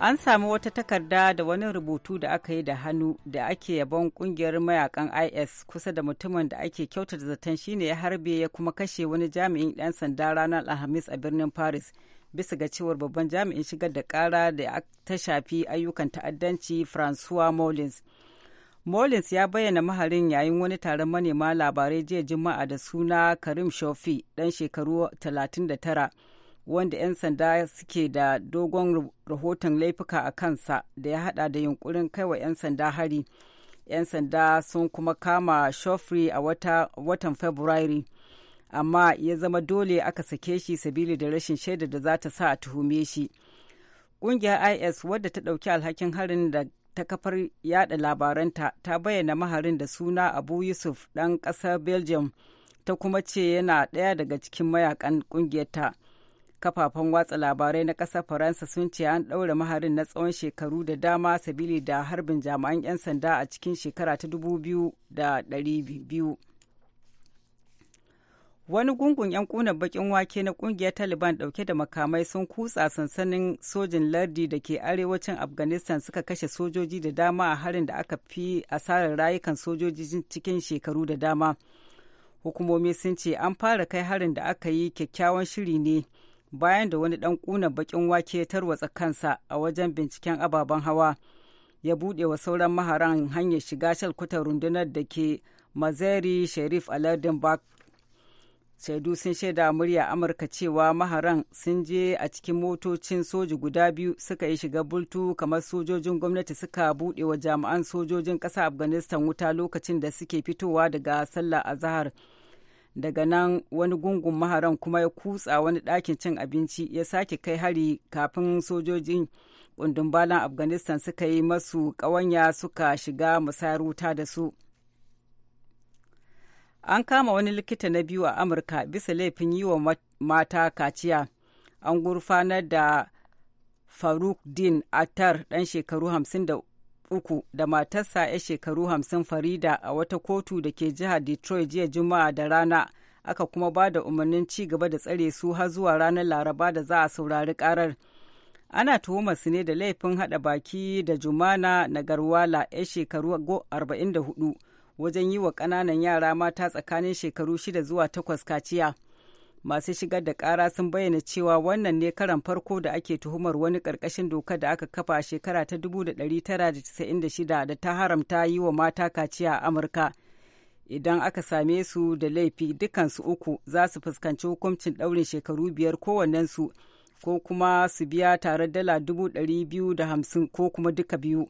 an samu wata takarda da wani rubutu da aka yi da hannu da ake yabon kungiyar mayakan is kusa da mutumin da ake kyautar da zaton shine ya harbe ya kuma kashe wani jami'in 'yan sanda ranar alhamis a birnin paris bisa ga cewar babban jami'in shigar da kara da ta shafi ayyukan ta'addanci francois molins molins ya bayyana maharin yayin wani taron manema labarai jiya juma'a da suna karim shofi dan shekaru 39 wanda 'yan sanda suke da dogon rahoton laifuka a kansa da ya hada da yunkurin kaiwa 'yan sanda hari 'yan sanda sun kuma kama shofri a watan fabrairu amma ya zama dole aka sake shi sabili da rashin shaida da za ta sa a tuhume shi ƙungiyar is wadda ta ɗauki alhakin harin da ta kafar yada labaranta ta bayyana maharin da suna abu yusuf ɗan ƙasar belgium ta kuma ce yana ɗaya daga cikin mayakan ƙungiyarta. ta kafafen watsa labarai na ƙasar faransa sun ce an ɗaure maharin na tsawon shekaru da dama sabili da harbin jami'an 'yan sanda a cikin shekara ta biyu. wani gungun 'yan ƙunar bakin wake na ƙungiyar taliban ɗauke da makamai sun kutsa sansanin sojin lardi da ke arewacin afghanistan suka kashe sojoji da dama a harin da aka fi asarar rayukan sojoji cikin shekaru da dama hukumomi sun ce an fara kai harin da aka yi kyakkyawan shiri ne bayan da wani dan ƙuna baƙin wake ya tarwatsa kansa a wajen binciken ababen hawa ya buɗe wa sauran maharan hanyar shiga shalkuta rundunar da ke mazari sharif aladin bak shaidu sun shaida murya amurka cewa maharan sun je a cikin motocin soji guda biyu suka yi shiga bultu kamar sojojin gwamnati suka buɗe wa jami'an sojojin ƙasa afghanistan wuta lokacin da suke fitowa daga sallah azahar daga nan wani gungun maharan kuma ya kutsa wani ɗakin cin abinci ya sake kai hari kafin sojojin kundumbalan afghanistan suka yi masu ƙawanya suka shiga musayar wuta da su an kama wani likita na biyu a amurka bisa laifin yi wa mata kaciya an gurfanar da faruk din attar ɗan shekaru uku da matarsa ya shekaru hamsin farida a wata kotu da ke jihar detroit jiya juma'a da rana aka kuma ba da umarnin ci gaba da tsare su har zuwa ranar laraba da za a saurari karar ana tuhumar su ne da laifin hada baki da jumana nagarwala ya shekaru 44 wajen yi wa ƙananan yara mata tsakanin shekaru shida zuwa 8 kaciya. masu shigar da kara sun bayyana cewa wannan ne karan farko da ake tuhumar wani karkashin doka da aka kafa a shekara ta 1996 da ta haramta yi wa mata kaciya a amurka idan aka same su da laifi dukansu uku za su fuskanci hukuncin ɗaurin shekaru biyar kowannensu ko kuma su biya tare dala hamsin ko kuma duka biyu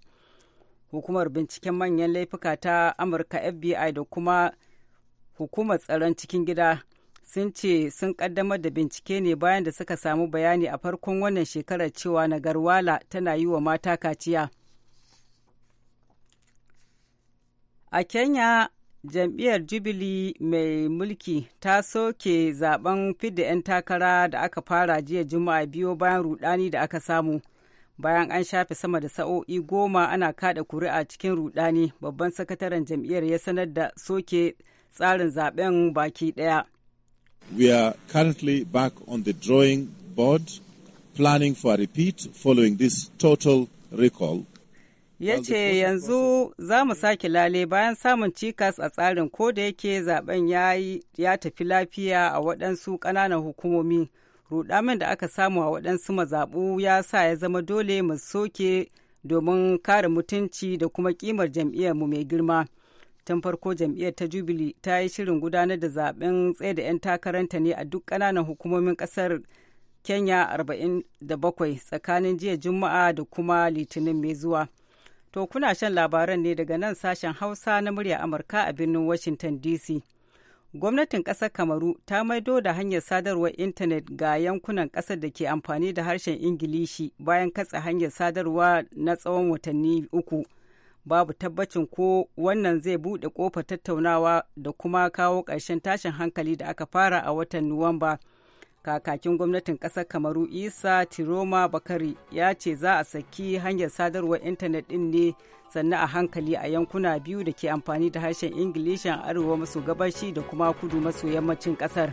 hukumar binciken manyan laifuka ta amurka fbi da kuma hukumar tsaron cikin gida sun ce sun kaddamar da bincike ne bayan da suka samu bayani a farkon wannan shekarar cewa nagarwala tana yi wa mata kaciya. A Kenya, jam'iyyar Jubilee mai mulki ta soke zaben fidda 'yan takara da aka fara jiya Juma'a biyu bayan rudani da aka samu. Bayan an shafe sama da sa'o'i goma ana kada kuri'a cikin rudani, babban sakataren jam'iyyar ya sanar da soke tsarin zaben baki ɗaya. We are currently back on the drawing board, planning for a repeat following this total recall. Ya ce yanzu za mu sake lale bayan samun cikas a tsarin ko da yake zaben ya tafi lafiya a waɗansu ƙananan hukumomi. Rudamin da aka samu a waɗansu mazaɓu ya sa ya zama dole mu soke domin kare mutunci da kuma ƙimar mu mai girma. tun farko jam'iyyar ta jubili ta yi shirin gudanar da zaben tsaye da 'yan takaranta ne a duk ƙananan hukumomin ƙasar kenya 47 tsakanin jiya juma'a da kuma litinin mai zuwa to kuna shan labaran ne daga nan sashen hausa na murya amurka a birnin washington dc gwamnatin ƙasar kamaru ta maido da hanyar sadarwar intanet ga yankunan ƙasar da ke amfani da harshen ingilishi bayan katse hanyar sadarwa na tsawon watanni uku. babu tabbacin ko wannan zai buɗe ƙofar tattaunawa da kuma kawo ƙarshen tashin hankali da aka fara a watan nuwamba kakakin gwamnatin ƙasar kamaru isa tiroma bakari ya ce za a saki hanyar sadarwar intanet ɗin ne sannan a hankali a yankuna biyu da ke amfani da harshen ingilishin arewa maso gabashi da kuma kudu maso yammacin ƙasar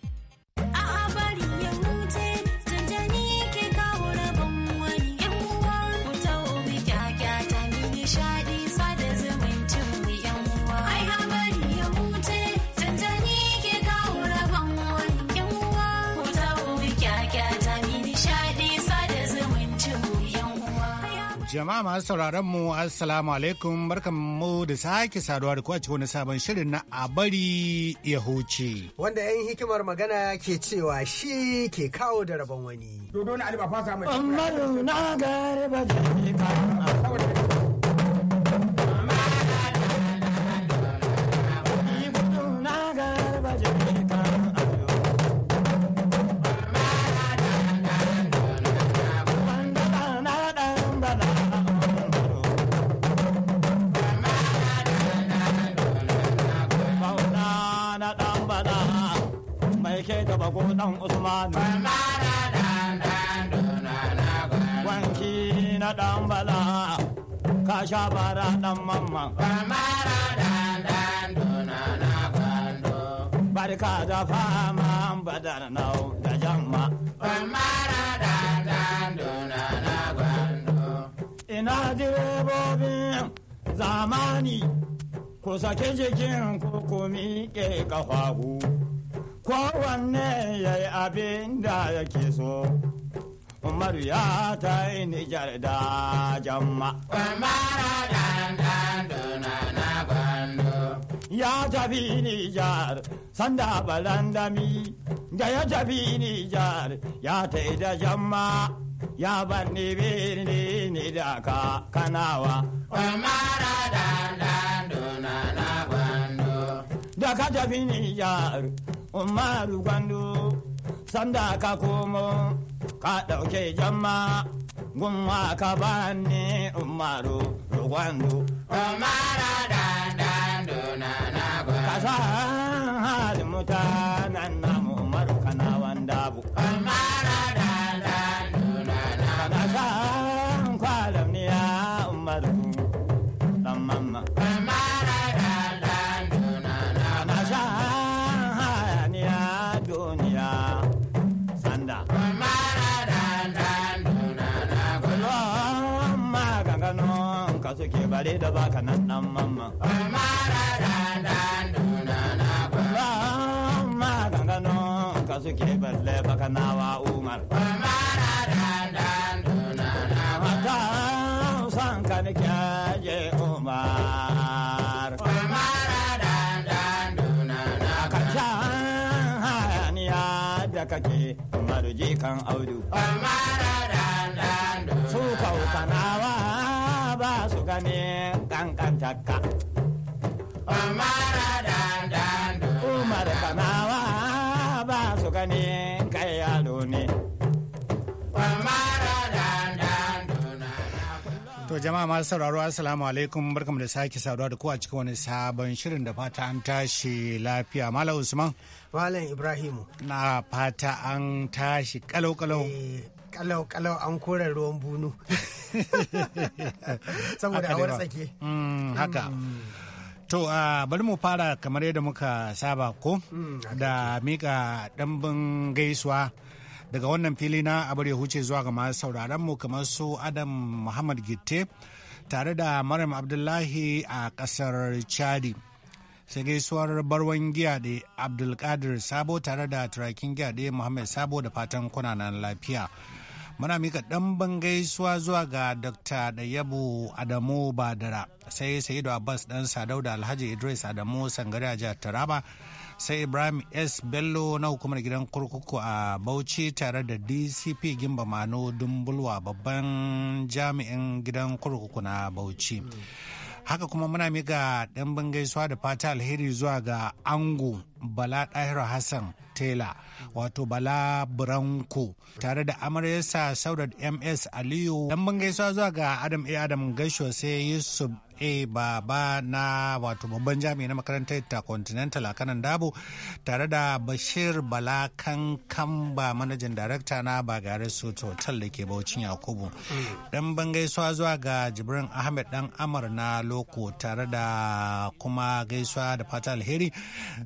Jama'a masu sauraron mu Assalamu alaikum barkan mu da sake saduwa da kwace wani sabon shirin na a bari ya huce. Wanda 'yan hikimar magana ke cewa shi ke kawo da rabon wani. Dodo na Ali fasa mai. Amma na baba Usman. dan usmanu na wanki na dan bala ka sha bara dan mamma barka da fama badar nau da jamma ina direbobin zamani ku sake jikin ku ku miƙe kowanne ya yi abin da yake so umar ya ta yi nijar da jamma ya tafi nijar sanda balandami da ya tafi nijar ya ta yi da jama. ya bar ni birni ni da kanawa umaru dandan sanda ka tafi Nijar, Umaru Gwandu, sanda ka komo, ka ɗauke jama, gunwa ka bani Umaru Gwandu. Umara dandan dona na Ka sa halin mutane. suke balle baka nawa umar mata san ka nake je umar ka can hayaniya da kake kan audu su kaukanawa ba su gane kankantarka umar kana gani kai ne. To jama'a masu sauraro assalamu alaikum barkamu da sake saduwa da kowa cikin wani sabon shirin da fata an tashi lafiya Malam Usman. Malam Ibrahimu. Na fata an tashi kalau-kalau. Eh, kalau-kalau an kore ruwan bunu saboda a tsake. Mm, haka mm. To a bari mu fara kamar yadda muka saba ko mm, da mika ɗanbin gaisuwa daga wannan fili na abar ya huce zuwa ga masu sauraron mu kamar su Adam Muhammad Gitte tare da maram Abdullahi a ƙasar Chadi. Sai gaisuwar barwan da Abdulkadir Sabo tare da turakin giya da Muhammad Sabo da fatan kunanan lafiya. muna mika ɗan gaisuwa zuwa ga dr dayabu adamu badara sai sayidu abbas ɗan sadau da alhaji idris adamu sangare a jihar taraba sai ibrahim s bello na hukumar gidan kurkuku a bauchi tare da dcp gimba mano dumbulwa babban jami'in gidan kurkuku na bauchi mm. haka kuma muna mika ɗan gaisuwa da fata alheri zuwa ga ango Bala ɗahir Hassan Tela wato Bala Branko tare da amaryarsa Saudat MS Aliyu. Dan ban gaisuwa zuwa ga Adam A. Adam Gaisho sai Yusuf A. Baba na wato babban jami'i na makarantar ta Continental a kanan Dabo tare da Bashir Bala kan Kankamba manajan darakta na Bagare Soto Hotel da ke Bauchi Yakubu. Dan ban gaisuwa zuwa ga Jibrin Ahmed dan Amar na Loko tare da kuma gaisuwa da fata alheri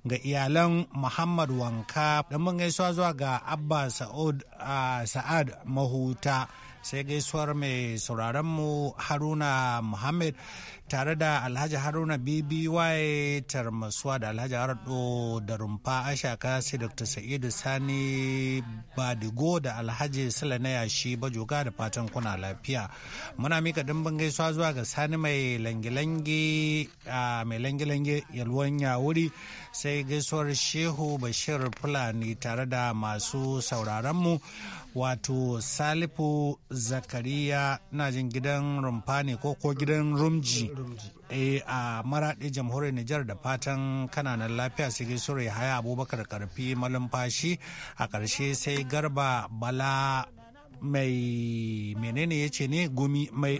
ga iya iyalan Muhammad Wanka da mun gaisuwa zuwa ga Abba Sa'ad Mahuta sai gaisuwar mai mu Haruna Muhammad tare da Alhaji Haruna BBY Tarmasuwa da Alhaji Ardo da Rumfa Ashaka sai Dr. Sa'idu Sani Badigo da Alhaji Sula na yashi Bajoga da fatan kuna lafiya. Muna mika dimbin gaisuwa zuwa ga Sani mai langilangi mai langilangi yalwan wuri sai gaisuwar shehu bashir fulani tare da masu sauraronmu wato salifu zakariya na jin gidan rumfa ne ko gidan rumji eh, a maraɗi jamhuriyar nijar da fatan kananan lafiya sai gaisuwar ya haya abubakar karfi malumfashi a ƙarshe sai garba bala mai menene ya ce ne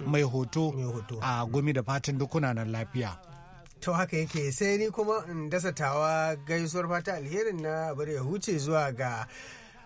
mai hoto a gumi da fatan dukuna nan lafiya to haka yake sai ni kuma in dasa tawa gaisuwar fata alherin na bari ya huce zuwa ga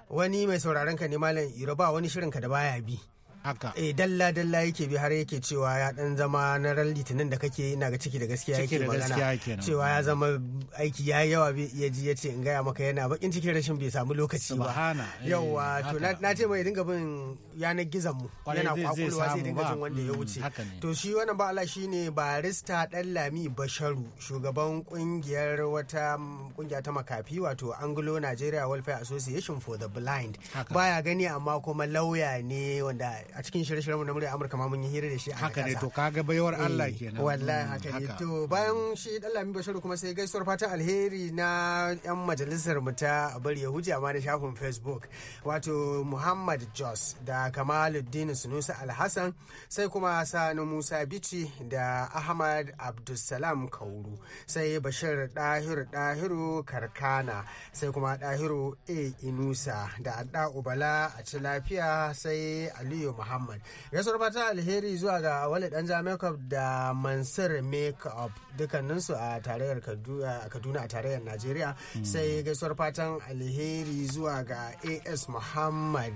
wani mai sauraron ka ne malam iro wani shirin ka da baya bi haka eh dalla dalla yake bi har yake cewa ya dan zama na ran litinin da kake ina ga ciki da gaskiya yake magana cewa ya zama aiki ya yawa bi yace in gaya maka yana bakin cikin rashin bai samu lokaci ba eh, yawa to na ce mai dinga bin yana gizon mu yana kwakulwa sai dinga jin wanda ya mm, wuce to shi wannan ba Allah shine barista dan Lami Basharu shugaban kungiyar wata kungiya ta makafi wato Anglo Nigeria Welfare Association for the Blind baya gani amma kuma lauya ne wanda a cikin shirye-shiryen na murya Amurka ma mun yi hira da shi haka ne to kaga baiwar eh, Allah kenan wallahi mm, haka ne to bayan shi dan Lami bashiru kuma sai gaisuwar fatan alheri na yan majalisar mu ta bari ya huja da shafin Facebook wato Muhammad Jos da Kamaluddin sunusa Alhassan sai kuma Sani Musa bici da Ahmad Abdulsalam Kauru sai Bashir Dahiru Dahiru Karkana sai kuma Dahiru A Inusa da Adda Ubala a ci lafiya sai Aliyu Muhammad. fatan fata alheri zuwa ga Wale dan Makeup da Mansur Makeup dukkaninsu a tarayyar Kaduna a tarayyar Najeriya hmm. sai gaisuwar fatan alheri zuwa ga AS Muhammad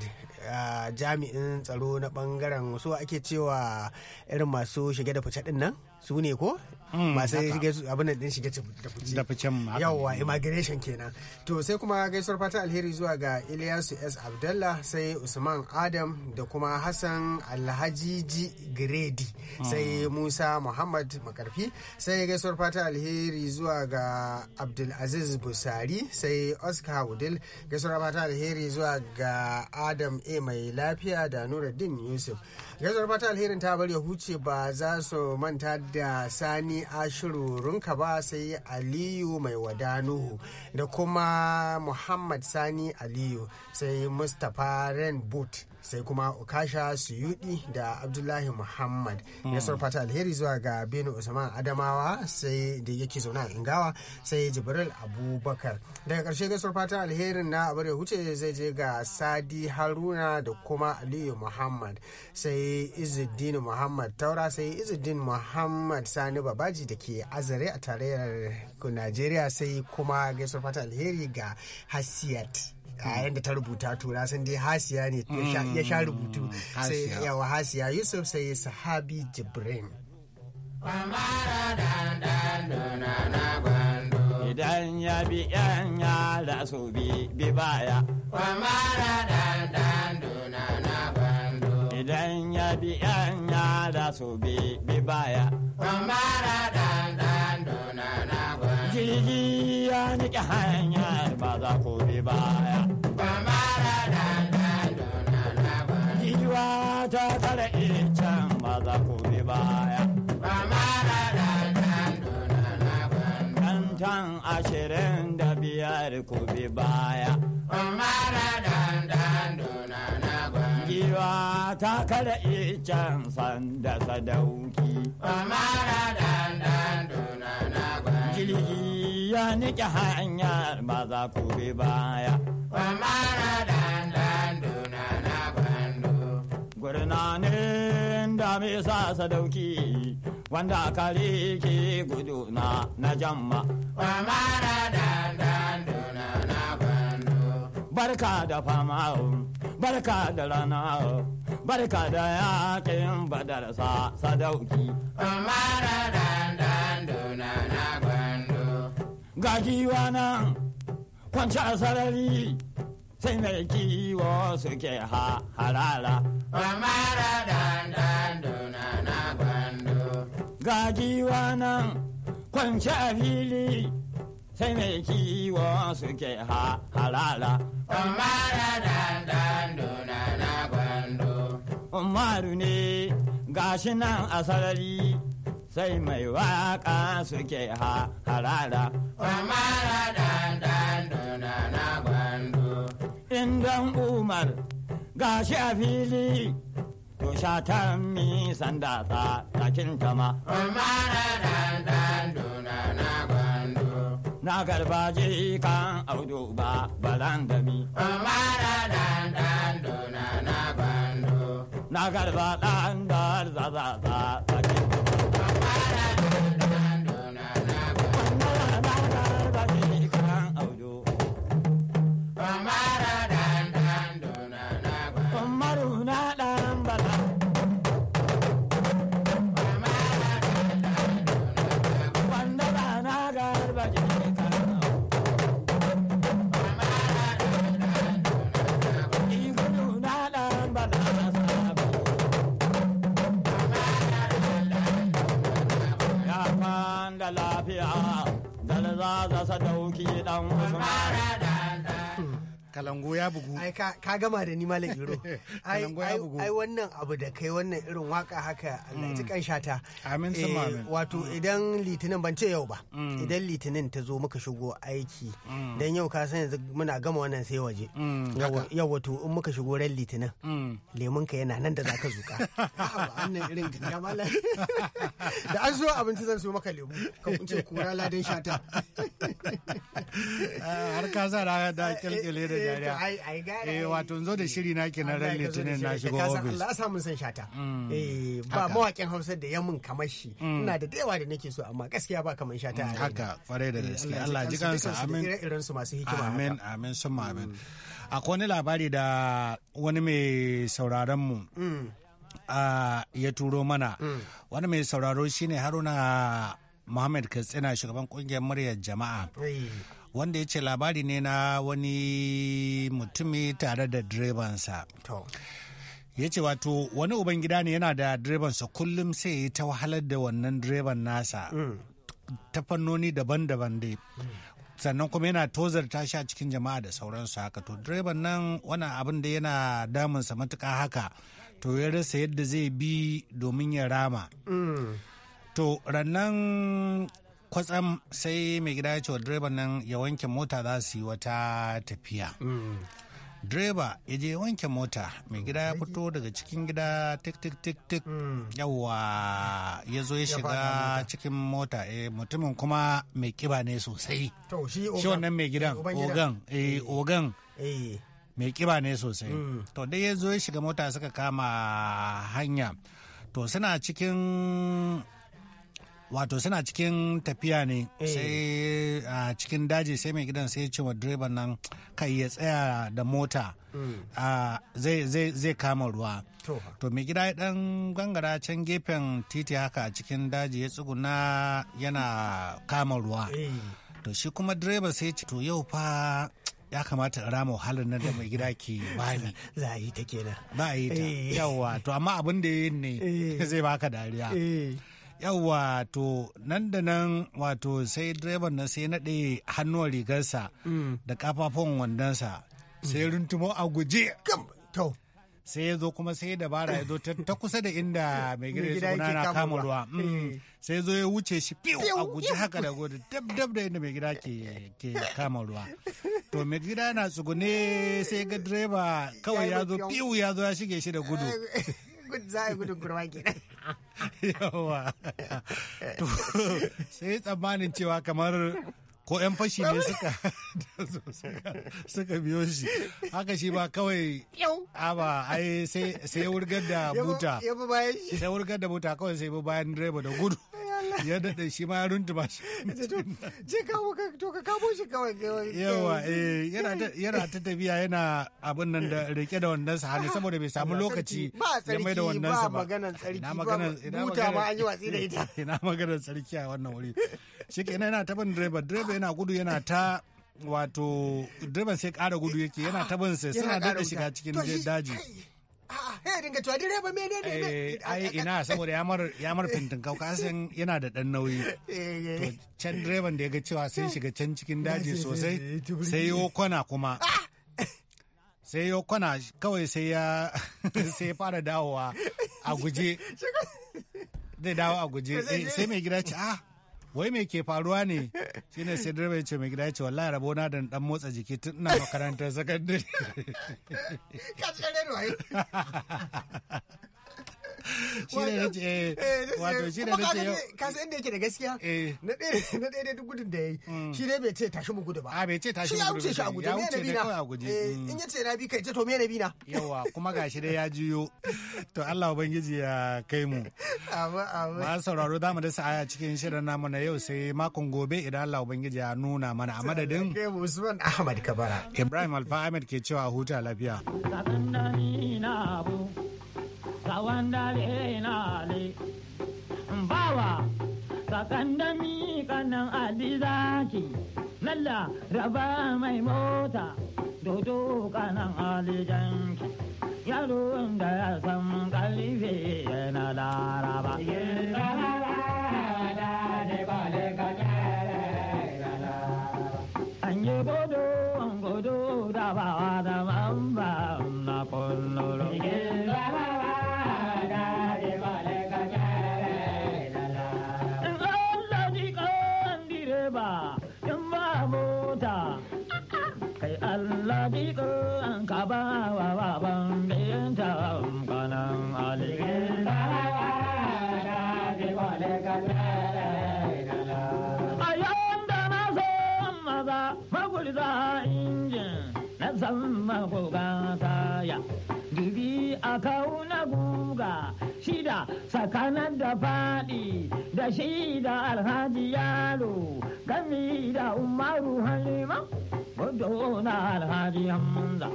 jami'in tsaro na bangaren su ake cewa irin masu shige da fice din nan su ne ko masu mm, shige abin da shige da Yau yawwa immigration kenan to sai kuma gaisuwar fata alheri zuwa ga Ilyasu S Abdalla sai Usman Adam da kuma Hassan Alhajiji Giredi mm. sai Musa Muhammad Makarfi sai gaisuwar fata alheri zuwa ga Abdulaziz Busari sai Oscar Wudil gaisuwar fata alheri zuwa ga Adam A mai lafiya da nuraddin Yusuf gaisuwar fatan alherin ta bar ya huce ba za su manta da Sani a ashiru ka ba sai aliyu mai wadanuhu da kuma muhammad sani aliyu sai mustapha ren boot sai kuma Okasha Suyudi da Abdullahi Muhammad. ya hmm. Nasar fata alheri zuwa ga bin Usman Adamawa sai da yake zauna a Ingawa sai Jibril Abubakar. Daga ƙarshe gasar fata alherin na abar ya huce zai je ga Sadi Haruna da kuma Aliyu Muhammad sai Izzuddin Muhammad Taura sai Izzuddin Muhammad Sani Babaji da ke azare a tarayyar Najeriya sai kuma gasar fata alheri ga Hasiyat. a mm. yadda ta rubuta to na san dai hasiya ne ya sha mm. rubutu sai yawa hasiya yusuf sai sahabi jibrin idan ya bi yan da su bi bi baya idan ya bi yan da su bi bi baya jirgi ya niƙe hanyar ba za ku bi baya. Giwa ta tsara can ba za ku bi baya. Kantan ashirin da biyar ku bi baya. Giwa ta kara can sanda sadauki. Amara dandan dona na jirgi ya nike hanya ba za ku bi baya. Kwamara dandan duna na bando. Gurnanin da mai sa sadauki wanda kare ke gudu na na jamma. Kwamara dandan duna na bando. Barka da fama, barka da rana, barka da yakin badarsa sadauki. Kwamara dandan duna na gajiwana giwa kwanci a sarari sai mai kiwo suke ha harara. amara dandanduna na gwando. Ga giwa kwanci a fili sai mai kiwo suke ha harara. amara dandanduna na gwando Umaru ne gashi nan a sarari. sai mai waka suke harara. Kwamara dandan dona na gwando. Indan Umar gashi a fili to shatan mi sanda ta takin tama. Kwamara dandan dona na gwando. Na garbaji kan audu ba balandami. Kwamara dandan dona na gwando. Na garba dan dar zaza ta takin tama. da Dalza za sadauki dan wasu. kalango ya bugu ai ka gama da ni malam iro ai wannan abu da kai wannan irin waka haka Allah ji kan mm. shata amin sama eh, amin wato mm. idan litinin ban ce yau ba mm. idan litinin ta zo muka shigo aiki dan yau ka san yanzu muna gama wannan sai waje yau wato in muka shigo ran litinin lemun ka yana nan da zaka zuka wannan irin ya malam da an zo abinci zan so maka lemu ka kunce kura ladan shata ah, har ka sa da eh, kilkile da Eh, dariya eh wato zo da eh, shiri na ran litinin na shigo office Allah samu san mm, eh, Hausa da yamin kamar shi mm. ina da da nake so amma gaskiya ba kamar shata mm, haka da gaskiya Allah ji kansa amin irin su masu hikima amin amin sun amin wani labari da wani mai sauraron mu ya turo mana wani mai sauraro shine haruna Muhammad Katsina shugaban kungiyar muryar jama'a wanda ya ce labari ne na wani mutumi tare da direbansa ya ce wato wani ubangida ne yana da direbansa kullum sai ya ta wahalar da wannan direban nasa mm. ta fannoni daban-daban dai sannan kuma yana tozarta shi a cikin jama'a da sauransu haka to direban nan wani abin da yana damunsa matuka haka to ya rasa yadda zai bi domin ya rama mm. to rannan kwatsam sai mai gida ya ce wa direba nan ya wanke mota za su yi wata tafiya mm. direba ya je wanke mota mai gida ya fito daga cikin gida tik tik tik tik mm. yawwa ya zo ya shiga cikin mota eh, mutumin kuma mai kiba ne sosai shi wannan mai gidan eh, ogan eh, ogan mai kiba ne sosai mm. to dai ya zo ya shiga mota suka kama hanya to suna cikin wato suna cikin tafiya ne eh. sai a cikin daji sai mai gidan sai ya ce wa direban nan kai ya tsaya da mota mm. zai kama ruwa to mai gida ya dan gangara can gefen titi haka a cikin daji ya tsuguna yana kama ruwa eh. to shi kuma direba sai ce to yau fa ya kamata in rama wahalar nan da mai gida ke bani za a yi ta kenan ba a yi ta eh. yawa to amma abin da yin ne zai baka dariya yawa to nan da nan wato sai direban nan sai naɗe hannuwan rigarsa mm. da kafafun wandonsa sai mm. runtumo a guje sai ya zo kuma sai dabara ya zo ta kusa da inda mai gida ya tsona na kama ruwa mm. eh. sai zo ya wuce shi fiw a guji haka da gode dab dab da inda mai gida ke kama ruwa to mai gida na tsugune eh. sai ga direba kawai ya zo fiw ya zo ya shige shi da gudu gudun kenan yawa sai tsammanin cewa kamar ko 'yan fashi ne suka suka biyo shi haka shi ba kawai aba ai sai wurgar da buta sai wurgar da buta kawai sai bayan direba da gudu ya daɗe shi ma ya runtuma shi je kawo ka to ka shi kawai yawa eh yana ta tafiya yana abin nan da rike da wannan sa hannu saboda bai samu lokaci ya mai da wannan sa ba maganar tsarki ba buta ma an yi watsi da ita ina maganar tsarki a wannan wuri shikenan yana taban direba direba yana gudu yana ta wato direban sai ƙara gudu yake yana taban sai suna daɗa shiga cikin daji Eh, ai ina saboda ya mar fintin kauka san yana da dan nauyi. Eh, eh, to can direban da ya ga cewa sun shiga can cikin daji sosai sai yo kwana kuma. Ah! Sai yo kwana kawai sai ya sai fara dawowa a guje. Zai dawo a guje sai mai gida ce ah wai mai ke faruwa ne shine sai direba ya ce mai gida ya ce wallahi rabo na da dan motsa jiki tun ina makarantar sakandare ka shi ne na ce wato shi ne na ce eh, eh, eh, ka san inda yake da gaskiya na ɗaya na ɗaya duk gudun da yayi mm. shi ne bai ce tashi mu gudu ba a ah, bai ce tashi mu gudu shi ya wuce shi a guje me nabi na mm. in ya ce na bi kai ce to me bi na yawa kuma gashi dai ya juyo. to Allah ubangiji ya kai mu ma sauraro zamu da saaya cikin shirin namu na yau sai makon gobe idan Allah ubangiji ya nuna mana a madadin Usman Ahmad Kabara Ibrahim Alfa Ahmed ke cewa huta lafiya na Awan wanda na le bawa sakandami kanan alizaki lalla raba mai mota dodo kanan alijanki yaron da ya san kalife yana laraba an yi godo an godo da bawa da mamba kawu na guga shida tsakanin da faɗi da shi da alhaji yaro gami da umaru halima gudu na alhaji hamza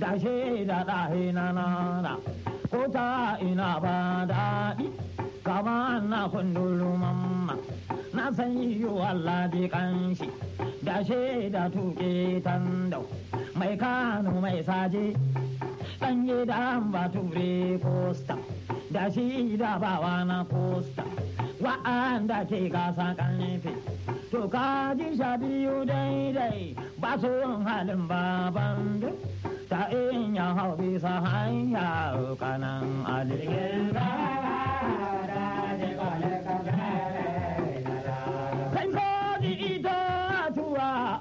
da shi da ɗahe na nana ko ta ina ba daɗi kama na kundulu mamma na san yiwu Allah ji kanshi da shi tuke tando mai kano mai saje an yi da bature posta da shi da bawa na posta wa'anda ke gasa kanfe to ka ji sha biyu daidai ba su halin baban duk ta iya hau bisa hanya kanan aligin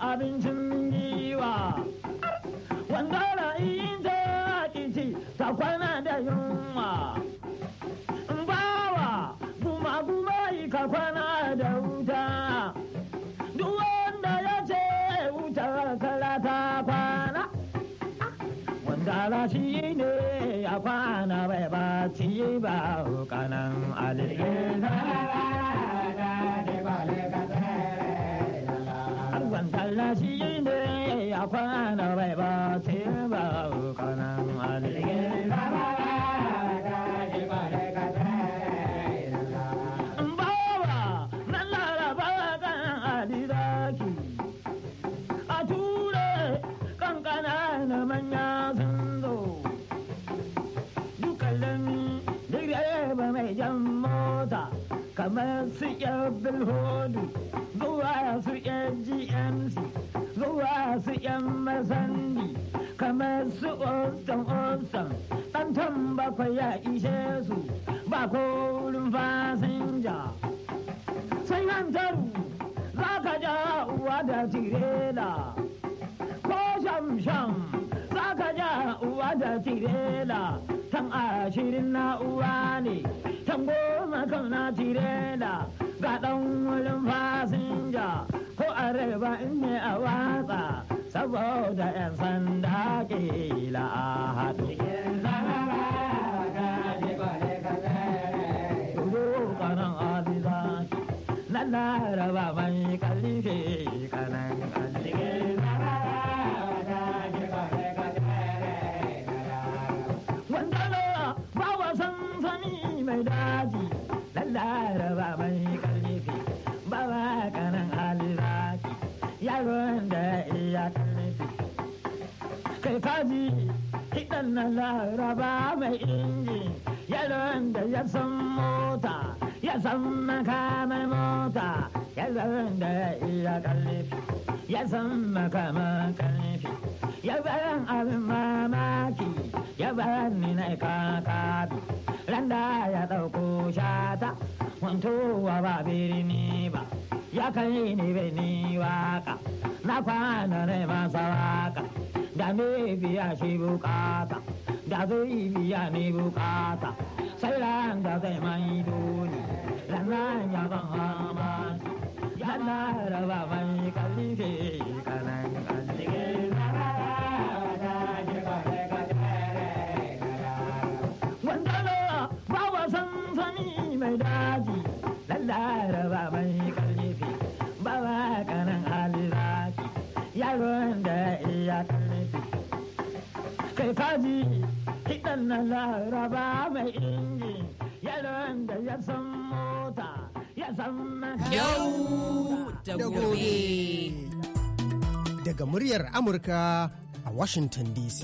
Abincin Amen. agmc zuwa su yan masandi kamar su ostan ostan ɗantan bakwai ya ishe su ba korin fasinja sun hantaru za ka ja uwa da tirela ko sham za ka ja uwa da tirela tan ashirin na uwa ne tan goma kan na tirela ga ɗan wurin fasinja a in ne a watsa saboda 'yan sanda kila a haɗu. Na raba mai kalife kanan kalife. Wanda ba wa san mai daji, ba mai kalife. sabi kiɗan na laraba mai inji yaron da ya san mota ya san makamar mota yaron da ya iya kallifi ya san makamar kallifi ya bayan abin mamaki ya bayan ni na randa ya ɗauko shata wantowa ba birni ba ya kai ni ni waka na kwana ne masa waka da me biya shi bukata da zai biya bukata sai ran da zai mai doni ranar ya zan hama yana raba mai kalife kan na laraba mai inji yaron da ya san mota ya san yau da gobe daga muryar amurka a washington dc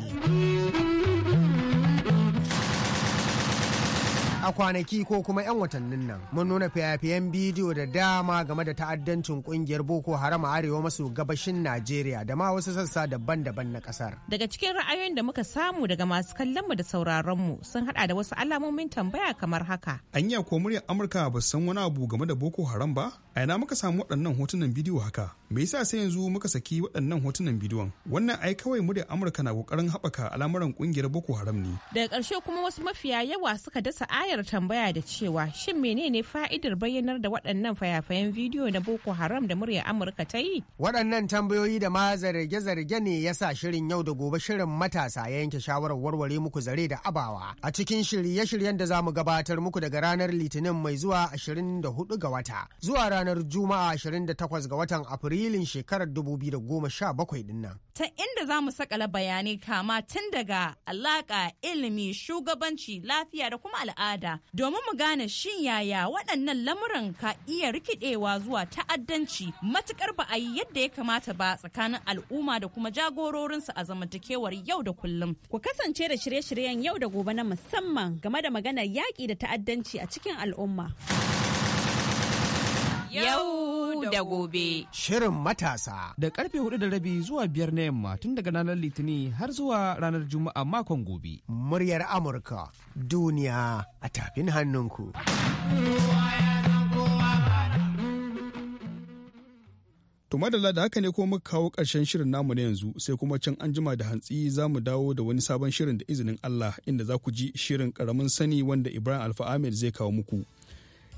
a kwanaki ko kuma 'yan watannin nan mun nuna fayafayen bidiyo da dama game da ta'addancin kungiyar boko haram a arewa maso gabashin najeriya da ma wasu sassa daban-daban na kasar daga cikin ra'ayoyin da muka samu daga masu kallon mu da sauraron mu sun hada da wasu alamomin tambaya kamar haka anya ko muryar amurka ba san wani abu game da boko haram ba a ina muka samu waɗannan hotunan bidiyo haka me yasa sai yanzu muka saki waɗannan hotunan bidiyon wannan ai kawai murya amurka na kokarin haɓaka al'amuran ƙungiyar boko haram ne daga ƙarshe kuma wasu mafiya yawa suka dasa ayar tambaya da cewa shin menene fa'idar bayyanar da waɗannan fayafayen bidiyo na boko haram da murya amurka ta yi waɗannan tambayoyi da ma zarge-zarge ne ya sa shirin yau da gobe shirin matasa ya yanke shawarar warware muku zare da abawa a cikin shirye-shiryen da za mu gabatar muku daga ranar litinin mai zuwa 24 ga wata zuwa ranar Juma'a 28 ga watan Afrilun shekarar 2017 din nan. Ta inda za mu sakala bayanai kama tun daga alaƙa ilimi, shugabanci, lafiya da kuma al'ada domin mu gane shin yaya waɗannan lamuran ka iya rikidewa zuwa ta'addanci matuƙar ba a yi yadda ya kamata ba tsakanin al'umma da kuma jagororinsu a zamantakewar yau da kullum. Ku kasance da shirye-shiryen yau da gobe na musamman game da maganar yaƙi da ta'addanci a cikin al'umma. yau da gobe. Shirin matasa. Da karfe hudu da rabi zuwa biyar na yamma tun daga ranar litinin har zuwa ranar juma'a makon gobe. Muryar Amurka duniya a tafin hannunku. Tuma da da haka ne ko muka kawo ƙarshen shirin namu na yanzu sai kuma can an jima da hantsi za mu dawo da wani sabon shirin da izinin Allah inda za ku ji shirin ƙaramin sani wanda Ibrahim Alfa Ahmed zai kawo muku.